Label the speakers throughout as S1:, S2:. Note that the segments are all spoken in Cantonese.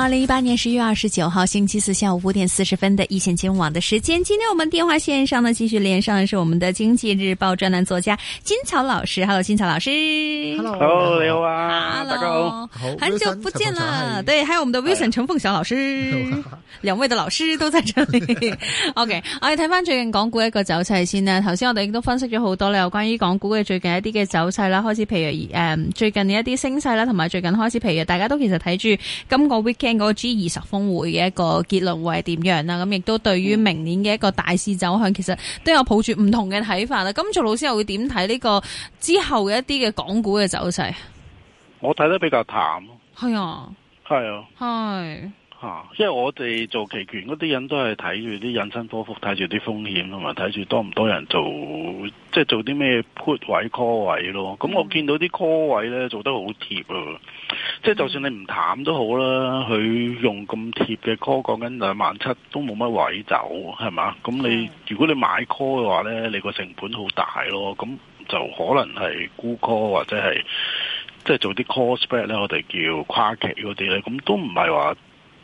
S1: 二零一八年十一月二十九號星期四下午五,五點四十分的《一線金融網》的時間，今天我們電話線上呢繼續連上的是我們的《經濟日報》專欄作家金曹老師。Hello，金曹老師。Hello，h
S2: e 你好啊。Hello，大家好。好，很久
S1: 幸不凡見了。對，還有我們的 Wilson 陳鳳翔老師，兩 位的老師都在這裏。 OK，我哋睇翻最近港股一個走勢先啦。頭先我哋亦都分析咗好多咧，有關於港股嘅最近一啲嘅走勢啦，開始譬如誒最近嘅一啲升勢啦，同埋最近開始譬如大家都其實睇住今個 week。驚嗰個 G 二十峰會嘅一個結論會係點樣啦？咁亦都對於明年嘅一個大市走向，其實都有抱住唔同嘅睇法啦。咁做老師又會點睇呢個之後嘅一啲嘅港股嘅走勢？
S2: 我睇得比較淡咯。係啊，係啊，
S1: 係。
S2: 嚇，因為我哋做期權嗰啲人都係睇住啲引伸波幅，睇住啲風險啊嘛，睇住多唔多人做，即係做啲咩 put 位 call 位咯。咁、嗯、我見到啲 call 位咧做得好貼啊，即係就算你唔淡都好啦，佢用咁貼嘅 call 講緊兩萬七都冇乜位走，係嘛？咁你如果你買 call 嘅話咧，你個成本好大咯，咁就可能係沽 call 或者係即係做啲 call spread 咧，我哋叫跨期嗰啲咧，咁都唔係話。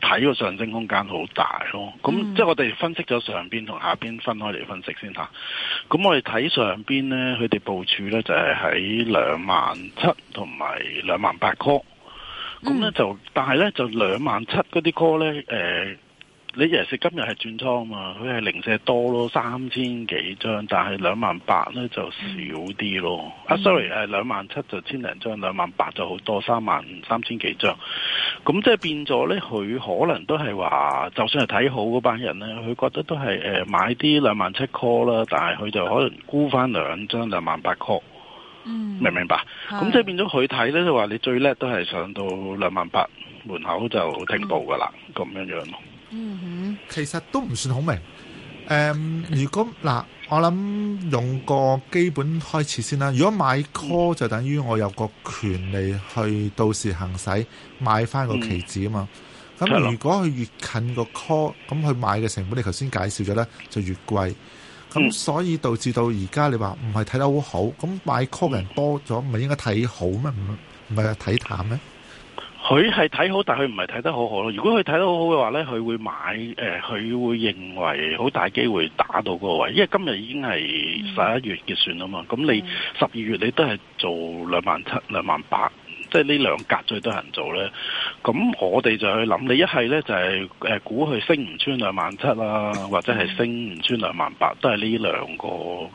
S2: 睇個上升空間好大咯，咁即係我哋分析咗上邊同下邊分開嚟分析先嚇。咁我哋睇上邊咧，佢哋部署咧就係喺兩萬七同埋兩萬八 call，咁咧就，但係咧就兩萬七嗰啲 call 咧，誒、呃。你日食今日係轉倉嘛？佢係零舍多咯，三千幾張，但係兩萬八咧就少啲咯。啊、mm hmm. uh,，sorry，誒兩萬七就千零張，兩萬八就好多，三萬三千幾張。咁即係變咗咧，佢可能都係話，就算係睇好嗰班人咧，佢覺得都係誒、呃、買啲兩萬七 call 啦，但係佢就可能沽翻兩張兩萬八 call、mm。嗯，明唔明白？咁、mm hmm. 即係變咗佢睇咧就話，你最叻都係上到兩萬八門口就停步噶啦，咁樣、mm hmm. 樣。嗯哼、嗯，
S3: 其實都唔算好明。誒、嗯，如果嗱，我諗用個基本開始先啦。如果買 call 就等於我有個權利去到時行使買翻個期指啊嘛。咁如果佢越近個 call，咁佢買嘅成本你頭先介紹咗呢就越貴。咁所以導致到而家你話唔係睇得好好，咁買 call 嘅人多咗，唔係應該睇好咩？唔，唔係睇淡咩？
S2: 佢係睇好，但係佢唔係睇得好好咯。如果佢睇得好好嘅話呢，佢會買誒，佢、呃、會認為好大機會打到嗰個位，因為今日已經係十一月結算啊嘛。咁、嗯、你十二月你都係做兩萬七、兩萬八，即係呢兩格最多人做呢。咁我哋就去諗，你一係呢就係、是、誒估佢升唔穿兩萬七啦，或者係升唔穿兩萬八，都係呢兩個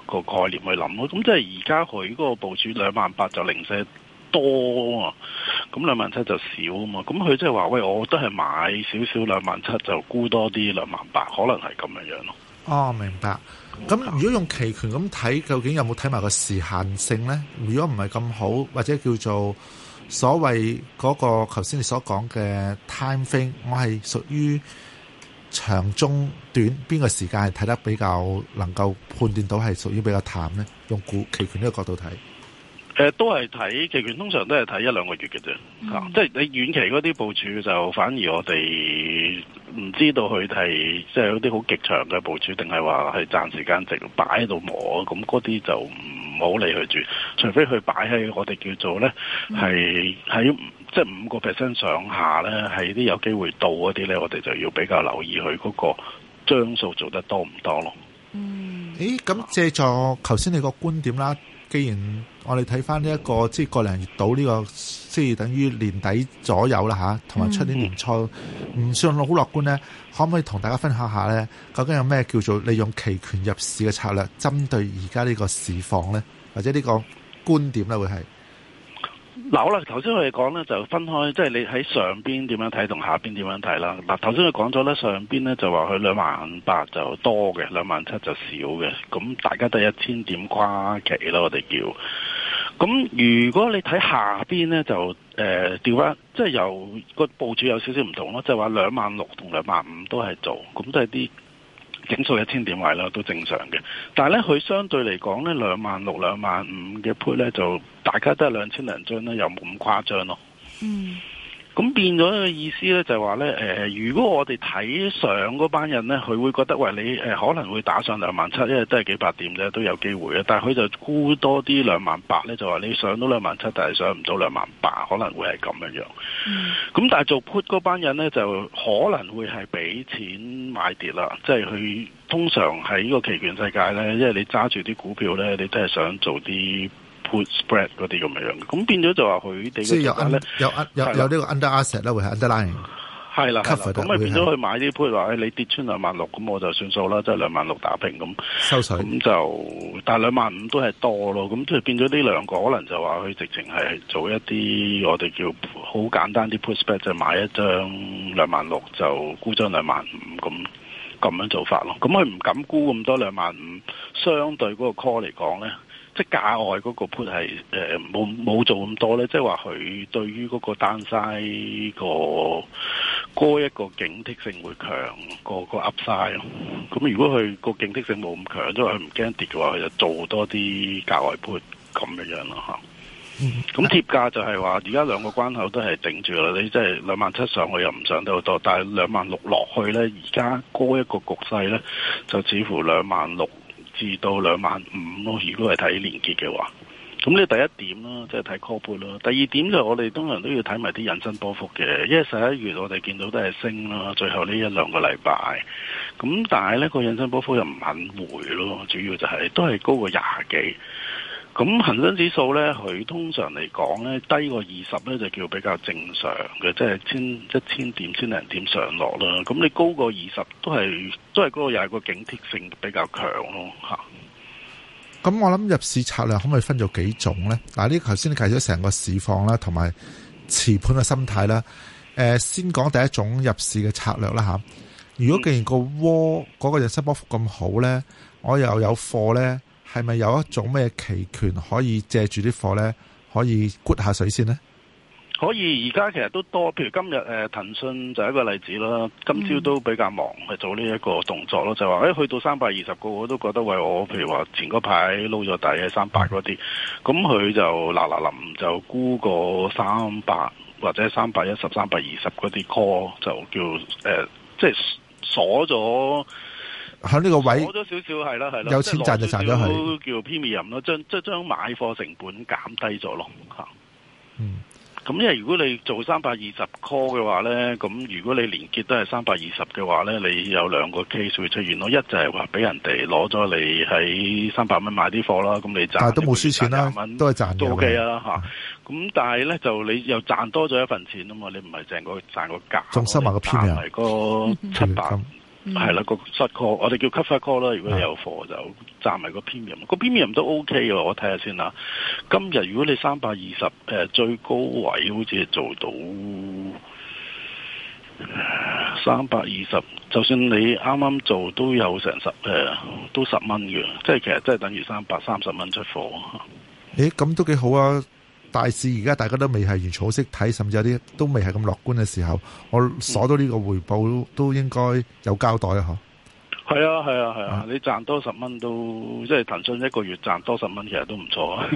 S2: 個概念去諗咯。咁即係而家佢嗰個部署兩萬八就零舍多啊。咁兩萬七就少啊嘛，咁佢即係話喂，我都係買少少兩萬七就沽多啲兩萬八，00, 可能係咁樣樣咯。
S3: 哦，明白。咁那硬如果用期權咁睇，究竟有冇睇埋個時限性呢？如果唔係咁好，或者叫做所謂嗰個頭先你所講嘅 time thing，我係屬於長中短邊個時間係睇得比較能夠判斷到係屬於比較淡呢？用股期權呢個角度睇。
S2: 誒都係睇期權，通常都係睇一兩個月嘅啫。嗯、即係你遠期嗰啲部署，就反而我哋唔知道佢係即係有啲好極長嘅部署，定係話係賺時間值擺喺度磨。咁嗰啲就唔好理佢住，除非佢擺喺我哋叫做咧係喺即係五個 percent 上下咧，係啲有機會到嗰啲咧，我哋就要比較留意佢嗰個張數做得多唔多咯。嗯，
S3: 誒咁、欸、藉助頭先你個觀點啦。既然我哋睇翻呢一個即係個零月到呢個即係等於年底左右啦嚇，同埋出年年初，唔算好樂觀呢，可唔可以同大家分享下呢？究竟有咩叫做利用期權入市嘅策略，針對而家呢個市況呢？或者呢個觀點咧，會係？
S2: 嗱，好啦，頭先我哋講咧就分開，即係你喺上邊點樣睇同下邊點樣睇啦。嗱，頭先佢講咗咧，上邊咧就話佢兩萬八就多嘅，兩萬七就少嘅。咁大家都一千點跨期啦，我哋叫。咁如果你睇下邊咧，就誒、呃、調翻，即係由個部署有少少唔同咯，就話兩萬六同兩萬五都係做，咁都係啲。整數一千點位咯，都正常嘅。但係咧，佢相對嚟講咧，兩萬六、兩萬五嘅 put 咧，就大家都係兩千零張啦，又冇咁誇張咯。嗯。咁變咗個意思咧，就係話咧，誒，如果我哋睇上嗰班人咧，佢會覺得喂，你、呃、誒可能會打上兩萬七，因為都係幾百點咧，都有機會啊。但係佢就估多啲兩萬八咧，就話你上到兩萬七，但係上唔到兩萬八，可能會係咁樣樣。咁、嗯、但係做 put 嗰班人咧，就可能會係俾錢買跌啦。即係佢通常喺呢個期權世界咧，因為你揸住啲股票咧，你都係想做啲，put spread 嗰啲咁樣樣，咁變咗就話佢哋嘅
S3: 有 un, 有有呢個 under asset 咧的，covered, 會係 underlying
S2: 係啦，咁咪變咗佢買啲 put 話，你跌穿兩萬六，咁我就算數啦，即係兩萬六打平咁收手水，咁就但係兩萬五都係多咯，咁即係變咗呢兩個可能就話佢直情係做一啲我哋叫好簡單啲 put spread，就買一張兩萬六就沽張兩萬五咁咁樣做法咯，咁佢唔敢沽咁多兩萬五，相對嗰個 call 嚟講咧。即價外嗰個 put 係誒冇冇做咁多咧，即係話佢對於嗰個 downside 個嗰一個警惕性會強個個 upside 咯。咁如果佢個警惕性冇咁強，即係佢唔驚跌嘅話，佢就做多啲價外 put 咁樣咯嚇。咁貼價就係話，而家兩個關口都係頂住啦。你即係兩萬七上去又唔上得好多，但係兩萬六落去咧，而家嗰一個局勢咧就似乎兩萬六。至到兩萬五咯，如果係睇連結嘅話，咁呢第一點啦，即係睇高倍咯。第二點就我哋通常都要睇埋啲引伸波幅嘅，因為十一月我哋見到都係升啦，最後呢一兩個禮拜，咁但係呢個引伸波幅又唔肯回咯，主要就係，係，都係高過廿幾。咁恒生指數咧，佢通常嚟講咧，低過二十咧就叫比較正常嘅，即係千一千點、千零點上落啦。咁你高過二十都係都係嗰個又係個警惕性比較強咯嚇。
S3: 咁我諗入市策略可唔可以分咗幾種咧？嗱、啊，呢頭先你計咗成個市況啦，同埋持盤嘅心態啦。誒、呃，先講第一種入市嘅策略啦嚇、啊。如果既然個窩嗰個日息波幅咁好咧，我又有貨咧。係咪有一種咩期權可以借住啲貨呢？可以沽下水先呢？
S2: 可以，而家其實都多，譬如今日誒、呃、騰訊就一個例子啦。今朝都比較忙，去、嗯、做呢一個動作咯，就話誒、哎、去到三百二十個，我都覺得為、哎、我，譬如話前嗰排撈咗底嘅三百嗰啲，咁佢的、嗯、就嗱嗱臨就沽個三百或者三百一十三百二十嗰啲 call 就叫誒、呃，即係鎖咗。喺呢個位多咗少少係啦，係啦，有錢賺就賺咗佢，叫 premium 咯，將即係將買貨成本減低咗咯，吓，咁、嗯、因為如果你做三百二十 call 嘅話咧，咁如果你連結都係三百二十嘅話咧，你有兩個 case 會出現咯，一就係話俾人哋攞咗你喺三百蚊買啲貨啦，咁你賺，但都冇輸錢啦，
S3: 都係賺到嘅、啊，
S2: 吓、嗯，咁但係咧就你又賺多咗一份錢啊嘛，你唔係淨係個賺個價，
S3: 仲收埋個 premium
S2: 個七百。嗯係啦、嗯，個失 call，我哋叫 cover call 啦。如果你有貨就賺埋、嗯、個 premium，個 premium 都 OK 嘅。我睇下先啦。今日如果你三百二十誒最高位，好似係做到三百二十，呃、20，就算你啱啱做都有成十誒、呃，都十蚊嘅。即係其實即係等於三百三十蚊出貨。
S3: 咦？咁都幾好啊！大市而家大家都未係完全好識睇，甚至有啲都未係咁樂觀嘅時候，我鎖到呢個回報都應該有交代啊！嗬、
S2: 啊，係啊係啊係啊，你賺多十蚊都即係騰訊一個月賺多十蚊，其實都唔錯
S3: 啊！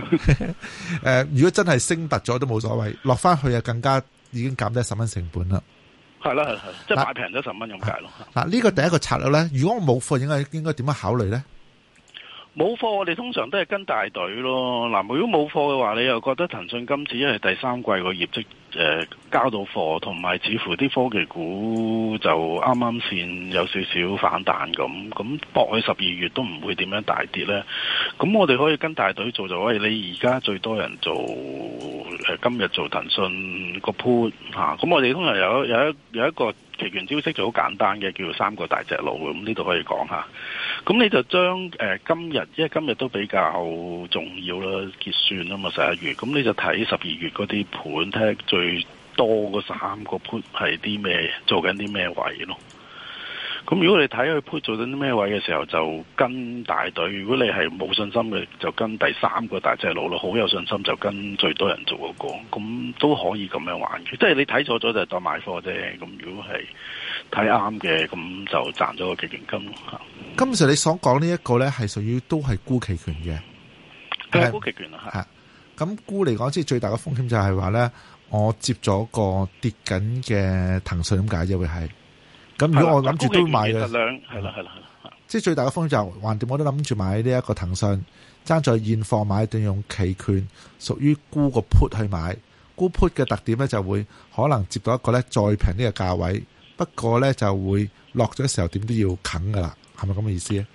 S3: 誒， 如果真係升突咗都冇所謂，落翻去啊更加已經減低十蚊成本啦。係啦係啦，即係、啊啊就是、買平咗十蚊又點解咯？嗱、啊，呢、啊這個第一個策略咧，如果我冇貨，應該應該點樣考慮咧？
S2: 冇貨，我哋通常都係跟大隊咯。嗱，如果冇貨嘅話，你又覺得騰訊今次因為第三季個業績誒、呃、交到貨，同埋似乎啲科技股就啱啱先有少少反彈咁，咁搏喺十二月都唔會點樣大跌呢。咁我哋可以跟大隊做就喂，你而家最多人做誒、呃，今日做騰訊個 put 嚇、啊。咁我哋通常有有一有一個。原招式就好簡單嘅，叫做三個大隻佬咁，呢度可以講下。咁你就將誒今日，因為今日都比較重要啦，結算啊嘛十一月，咁你就睇十二月嗰啲盤，睇下最多嗰三個 put 係啲咩，做緊啲咩位咯。咁如果你睇佢 put 做緊啲咩位嘅時候，就跟大隊；如果你係冇信心嘅，就跟第三個大隻佬咯。好有信心就跟最多人做嗰、那、咁、個、都可以咁樣玩嘅。即係你睇錯咗就當買貨啫。咁如果係睇啱嘅，咁、嗯、就賺咗個期權金嚇。金
S3: Sir，你所講呢一個咧，係屬於都係沽期權嘅，係沽期權啊。嚇是，咁沽嚟講，即係、就是、最大嘅風險就係話咧，我接咗個跌緊嘅騰訊點解？因為係。咁如果我諗住都買嘅，量的，係啦係啦
S2: 係
S3: 啦，即係最大嘅風險就係、是，橫掂我都諗住買呢一個騰訊，爭在現貨買定用期權，屬於沽個 put 去買，沽的 put 嘅特點咧就會可能接到一個咧再平呢個價位，不過咧就會落咗嘅時候點都要啃噶啦，係咪咁嘅意思啊？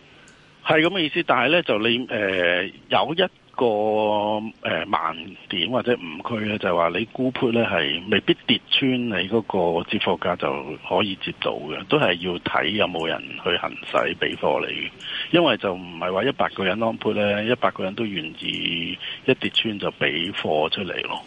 S2: 係咁嘅意思，但係咧就你誒、呃、有一。個誒盲、呃、點或者誤區咧，就話、是、你沽 put 咧係未必跌穿你嗰個接貨價就可以接到嘅，都係要睇有冇人去行使俾貨你，因為就唔係話一百個人 long put 咧，一百個人都願意一跌穿就俾貨出嚟咯。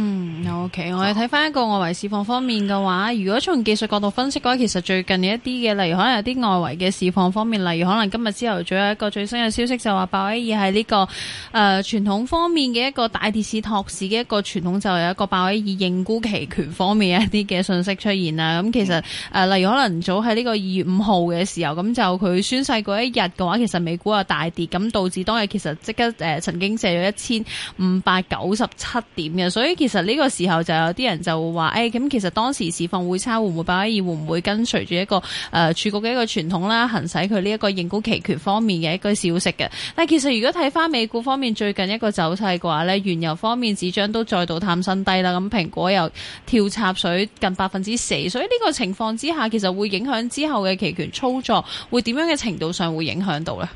S1: 嗯，OK。我哋睇翻一個外圍市況方面嘅話，如果從技術角度分析嘅話，其實最近一啲嘅，例如可能有啲外圍嘅市況方面，例如可能今日朝頭早有一個最新嘅消息，就話鮑威爾喺呢個誒呃、傳統方面嘅一個大跌市托市嘅一個傳統就有一個鮑威爾認沽期權方面一啲嘅信息出現啦。咁、嗯嗯、其實誒、呃，例如可能早喺呢個二月五號嘅時候，咁就佢宣誓嗰一日嘅話，其實美股啊大跌，咁導致當日其實即刻誒、呃、曾經借咗一千五百九十七點嘅，所以其實呢個時候就有啲人就會話，誒、哎，咁其實當時市況會差，會唔會鮑威爾會唔會跟隨住一個誒，儲、呃、局嘅一個傳統啦，行使佢呢一個認股期權方面嘅一個消息嘅。但其實如果睇翻，美股方面最近一個走勢嘅話咧，原油方面紙張都再度探新低啦。咁、嗯、蘋果又跳插水近百分之四，所以呢個情況之下，其實會影響之後嘅期權操作會點樣嘅程度上會影響到呢？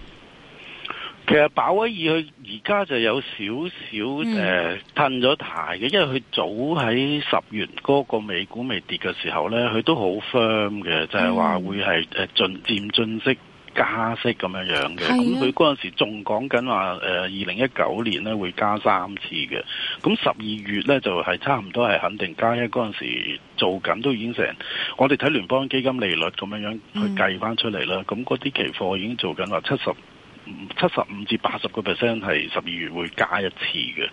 S2: 其實鮑威爾去。而家就有少少誒，褪咗軚嘅，因為佢早喺十月嗰個美股未跌嘅時候咧，佢都好 firm 嘅，就係話會係誒進漸進式加息咁樣樣嘅。咁佢嗰陣時仲講緊話誒二零一九年咧會加三次嘅。咁十二月咧就係差唔多係肯定加一。嗰陣時做緊都已經成，我哋睇聯邦基金利率咁樣樣去計翻出嚟啦。咁嗰啲期貨已經做緊話七十。七十五至八十個 percent 係十二月會加一次嘅。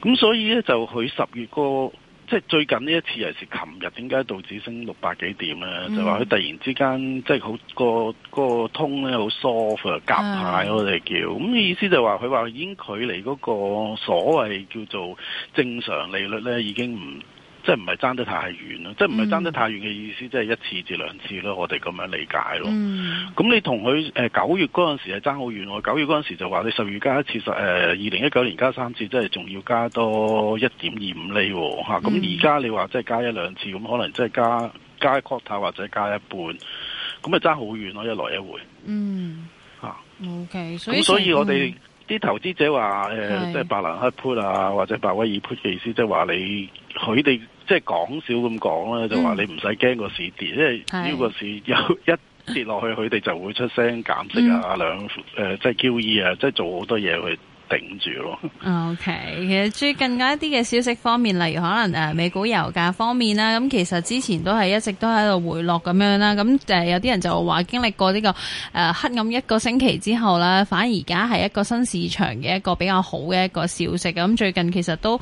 S2: 咁、嗯、所以咧就佢十月個即係最近呢一次係是琴日，點解道指升六百幾點咧？嗯、就話佢突然之間即係好個、那個通咧好疏 o f t 夾下我哋叫，咁、嗯、意思就話佢話已經距離嗰個所謂叫做正常利率咧已經唔。即係唔係爭得太遠咯？嗯、即係唔係爭得太遠嘅意思？即係一次至兩次咯。我哋咁樣理解咯。咁、嗯、你同佢誒九月嗰陣時係爭好遠喎。九月嗰陣時就話你十月加一次，實誒二零一九年加三次，即係仲要加多一點二五厘喎。咁而家你話即係加一兩次，咁可能即係加加 quarter 或者加一半，咁咪爭好遠咯，一來一回。嗯。
S1: 嚇、okay，啊。O K。咁所以我哋
S2: 啲投資者話誒、呃，即係白蘭克 put 啊，或者白威爾 put 嘅意思，即係話你佢哋。他們他們即係講少咁講啦，嗯、就話你唔使驚個市跌，因為呢個市有一跌落去，佢哋、嗯、就會出聲減息、嗯、啊、兩誒、呃、即係 QE 啊，即係做好多嘢去。頂住
S1: 咯。OK，其實最近嗰一啲嘅消息方面，例如可能誒、呃、美股油價方面啦，咁其實之前都係一直都喺度回落咁樣啦。咁、嗯、誒有啲人就話經歷過呢、這個誒、呃、黑暗一個星期之後啦，反而而家係一個新市場嘅一個比較好嘅一個消息。咁、嗯、最近其實都誒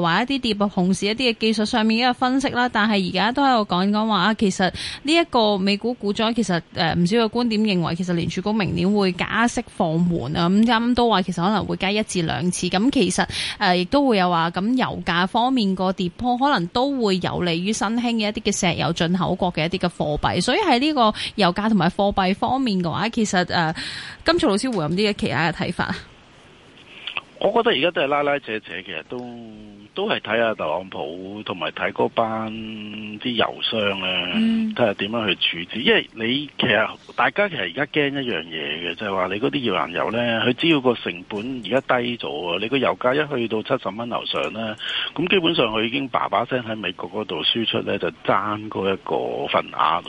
S1: 話、呃、一啲跌破熊市一啲嘅技術上面一嘅分析啦，但係而家都喺度講講話啊，其實呢一個美股股災其實誒唔、呃、少嘅觀點認為，其實聯儲局明年會加息放緩啊。咁、嗯、啱都話其實可能會。加一至兩次咁，其實誒亦、呃、都會有話咁油價方面個跌破可能都會有利於新興嘅一啲嘅石油進口國嘅一啲嘅貨幣。所以喺呢個油價同埋貨幣方面嘅話，其實誒，金、呃、曹老師會有冇啲嘅其他嘅睇法？
S2: 我覺得而家都係拉拉扯扯，其實都都係睇下特朗普同埋睇嗰班啲油商咧，睇下點樣去處置。因為你其實大家其實而家驚一樣嘢嘅，就係話你嗰啲頁岩油咧，佢只要個成本而家低咗，你個油價一去到七十蚊樓上咧，咁基本上佢已經叭叭聲喺美國嗰度輸出咧，就爭嗰一個份額啊！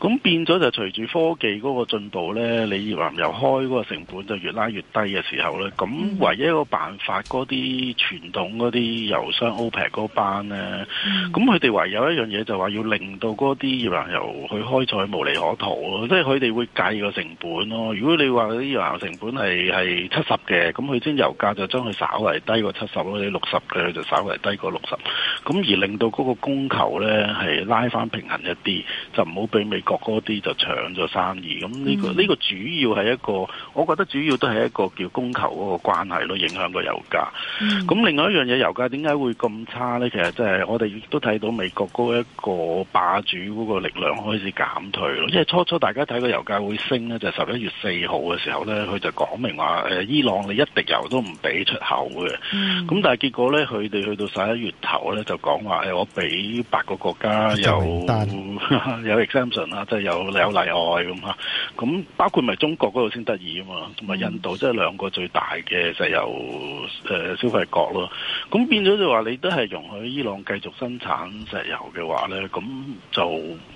S2: 咁變咗就隨住科技嗰個進步呢，你頁岩油開嗰個成本就越拉越低嘅時候呢，咁唯一一個辦法嗰啲傳統嗰啲油商 OPEC 嗰班呢，咁佢哋唯有一樣嘢就話要令到嗰啲頁岩油去開採無利可圖咯，即係佢哋會計個成本咯。如果你話嗰啲頁岩油成本係係七十嘅，咁佢將油價就將佢稍為低過七十或者六十嘅就稍為低過六十，咁而令到嗰個供求呢係拉翻平衡一啲，就唔好俾美國國嗰啲就搶咗生意，咁呢個呢個主要係一個，我覺得主要都係一個叫供求嗰個關係咯，影響個油價。咁、嗯、另外一樣嘢，油價點解會咁差呢？其實即係我哋都睇到美國嗰一個霸主嗰個力量開始減退咯。因為初初大家睇個油價會升呢，就十一月四號嘅時候呢，佢就講明話誒，伊朗你一滴油都唔俾出口嘅。咁、嗯、但係結果呢，佢哋去到十一月頭呢，就講話誒，我俾八個國家有 有 exemption 啦。即係有有例外咁嚇，咁包括咪中國嗰度先得意啊嘛，同埋印度即係兩個最大嘅石油誒消費國咯。咁變咗就話你都係容許伊朗繼續生產石油嘅話咧，咁就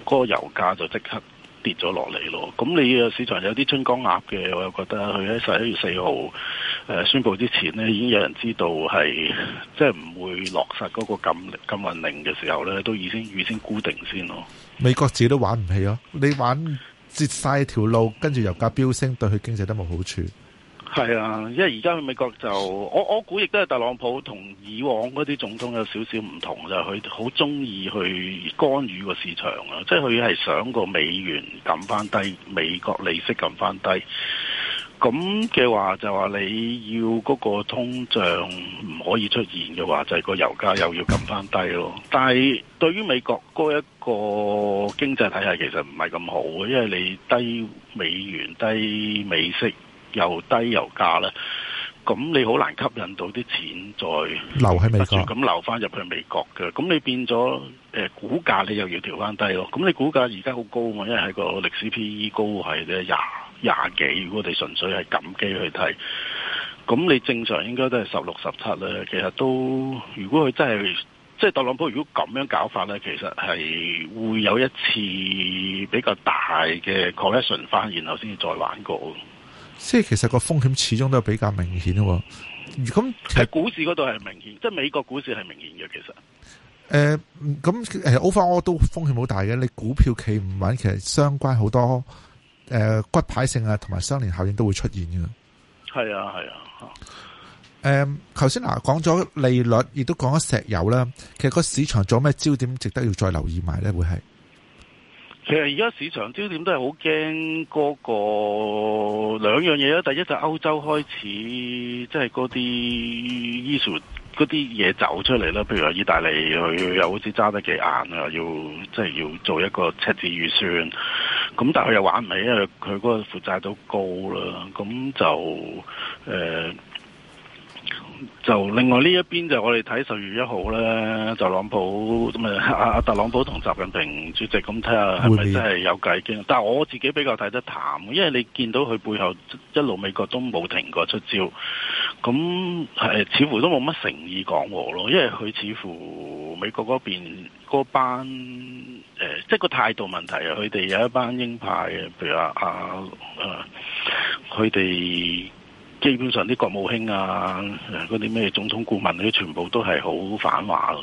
S2: 嗰個油價就即刻跌咗落嚟咯。咁你嘅市場有啲春江鴨嘅，我又覺得佢喺十一月四號誒宣布之前咧，已經有人知道係即係唔會落實嗰個禁禁運令嘅時候咧，都已經預先固定先咯。
S3: 美國自己都玩唔起啊。你玩截晒條路，跟住油價飆升，對佢經濟都冇好處。
S2: 係啊，因為而家去美國就，我我估亦都係特朗普同以往嗰啲總統有少少唔同，就佢好中意去干預個市場啊，即係佢係想個美元撳返低，美國利息撳返低。咁嘅話就話你要嗰個通脹唔可以出現嘅話，就係、是、個油價又要撳翻低咯。但係對於美國嗰一個經濟體系，其實唔係咁好，因為你低美元、低美息又低油價咧，咁你好難吸引到啲錢再
S3: 留喺美國，咁
S2: 留翻入去美國嘅。咁你變咗誒、呃、股價，你又要調翻低咯。咁你股價而家好高啊，因為係個歷史 P E 高係廿。廿幾，如果我哋純粹係撳機去睇，咁你正常應該都係十六十七咧。17，其實都，如果佢真係即係特朗普，如果咁樣搞法咧，其實係會有一次比較大嘅 correction 翻，然後先至再玩過。
S3: 即係其實個風險始終都比較明顯咯。咁喺
S2: 股市嗰度係明顯，即係美國股市係明顯嘅。其實，
S3: 誒咁誒，overall 都風險好大嘅。你股票企唔穩，其實相關好多。誒、呃，骨牌性啊，同埋相連效應都會出現嘅。
S2: 係啊，係啊。
S3: 誒、呃，頭先嗱講咗利率，亦都講咗石油啦。其實個市場仲有咩焦點值得要再留意埋咧？會係，
S2: 其實而家市場焦點都係好驚嗰個兩樣嘢啦。第一就歐洲開始，即係嗰啲 usual 嗰啲嘢走出嚟啦。譬如話意大利，佢又好似揸得幾硬啊，要即係、就是、要做一個赤字預算。咁但係佢又玩唔起，因為佢嗰個負債都高啦。咁就誒、呃、就另外呢一邊就我哋睇十月一號咧，就特朗普咁啊阿特朗普，同習近平主席咁睇下係咪真係有偈傾？但係我自己比較睇得淡，因為你見到佢背後一路美國都冇停過出招。咁係似乎都冇乜誠意講和咯，因為佢似乎美國嗰邊嗰班誒，即係個態度問題啊。佢哋有一班鷹派嘅，譬如阿阿誒，佢哋基本上啲國務卿啊，嗰啲咩總統顧問嗰啲，全部都係好反華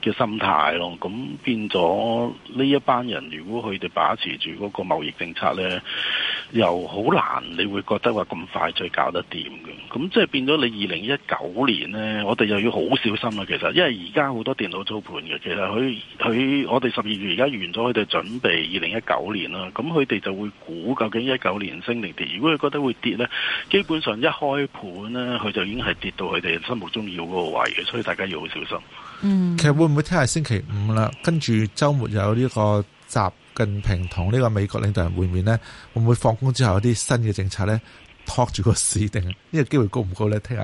S2: 嘅心態咯。咁變咗呢一班人，如果佢哋把持住嗰個貿易政策咧，又好難，你會覺得話咁快再搞得掂嘅，咁即係變咗你二零一九年呢，我哋又要好小心啦。其實，因為而家好多電腦操盤嘅，其實佢佢我哋十二月而家完咗，佢哋準備二零一九年啦。咁佢哋就會估究，究竟一九年升定跌。如果佢覺得會跌呢，基本上一開盤呢，佢就已經係跌到佢哋心目中要嗰個位嘅，所以大家要好小心。嗯，
S3: 其實會唔會聽下星期五啦，跟住週末有呢、這個？習近平同呢個美國領導人會面呢，會唔會放工之後有啲新嘅政策呢？托住個市，定呢個機會高唔高呢？聽日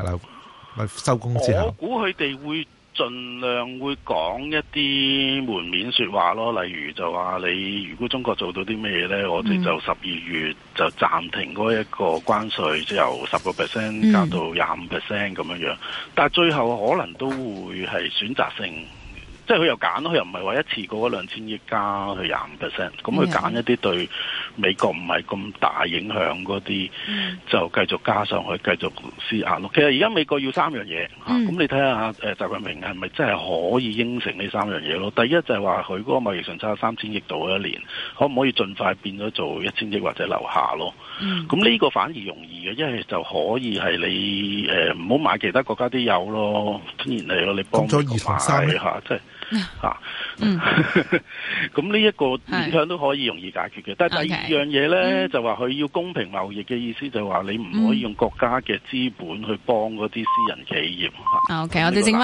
S3: 收工之後，我
S2: 估佢哋會盡量會講一啲門面説話咯，例如就話你如果中國做到啲咩嘢呢，我哋就十二月就暫停嗰一個關稅，即由十個 percent 減到廿五 percent 咁樣樣，但係最後可能都會係選擇性。即係佢又揀咯，佢又唔係話一次過嗰兩千億加佢廿五 percent，咁佢揀一啲對美國唔係咁大影響嗰啲，嗯、就繼續加上去，繼續施壓咯。其實而家美國要三樣嘢，咁你睇下誒，習近平係咪真係可以應承呢三樣嘢咯？第一就係話佢嗰個貿易順差三千億度一年，可唔可以盡快變咗做一千億或者樓下咯？咁呢、嗯、個反而容易嘅，因為就可以係你誒唔好買其他國家啲油咯，自然係咯，你幫咗二成三咧嚇，嚇，咁呢一個影響都可以容易解決嘅。但係第二樣嘢咧，嗯、就話佢要公平貿易嘅意思，就話你唔可以用國家嘅資本去幫嗰啲私人企業。嗯、啊，OK，我哋剩翻。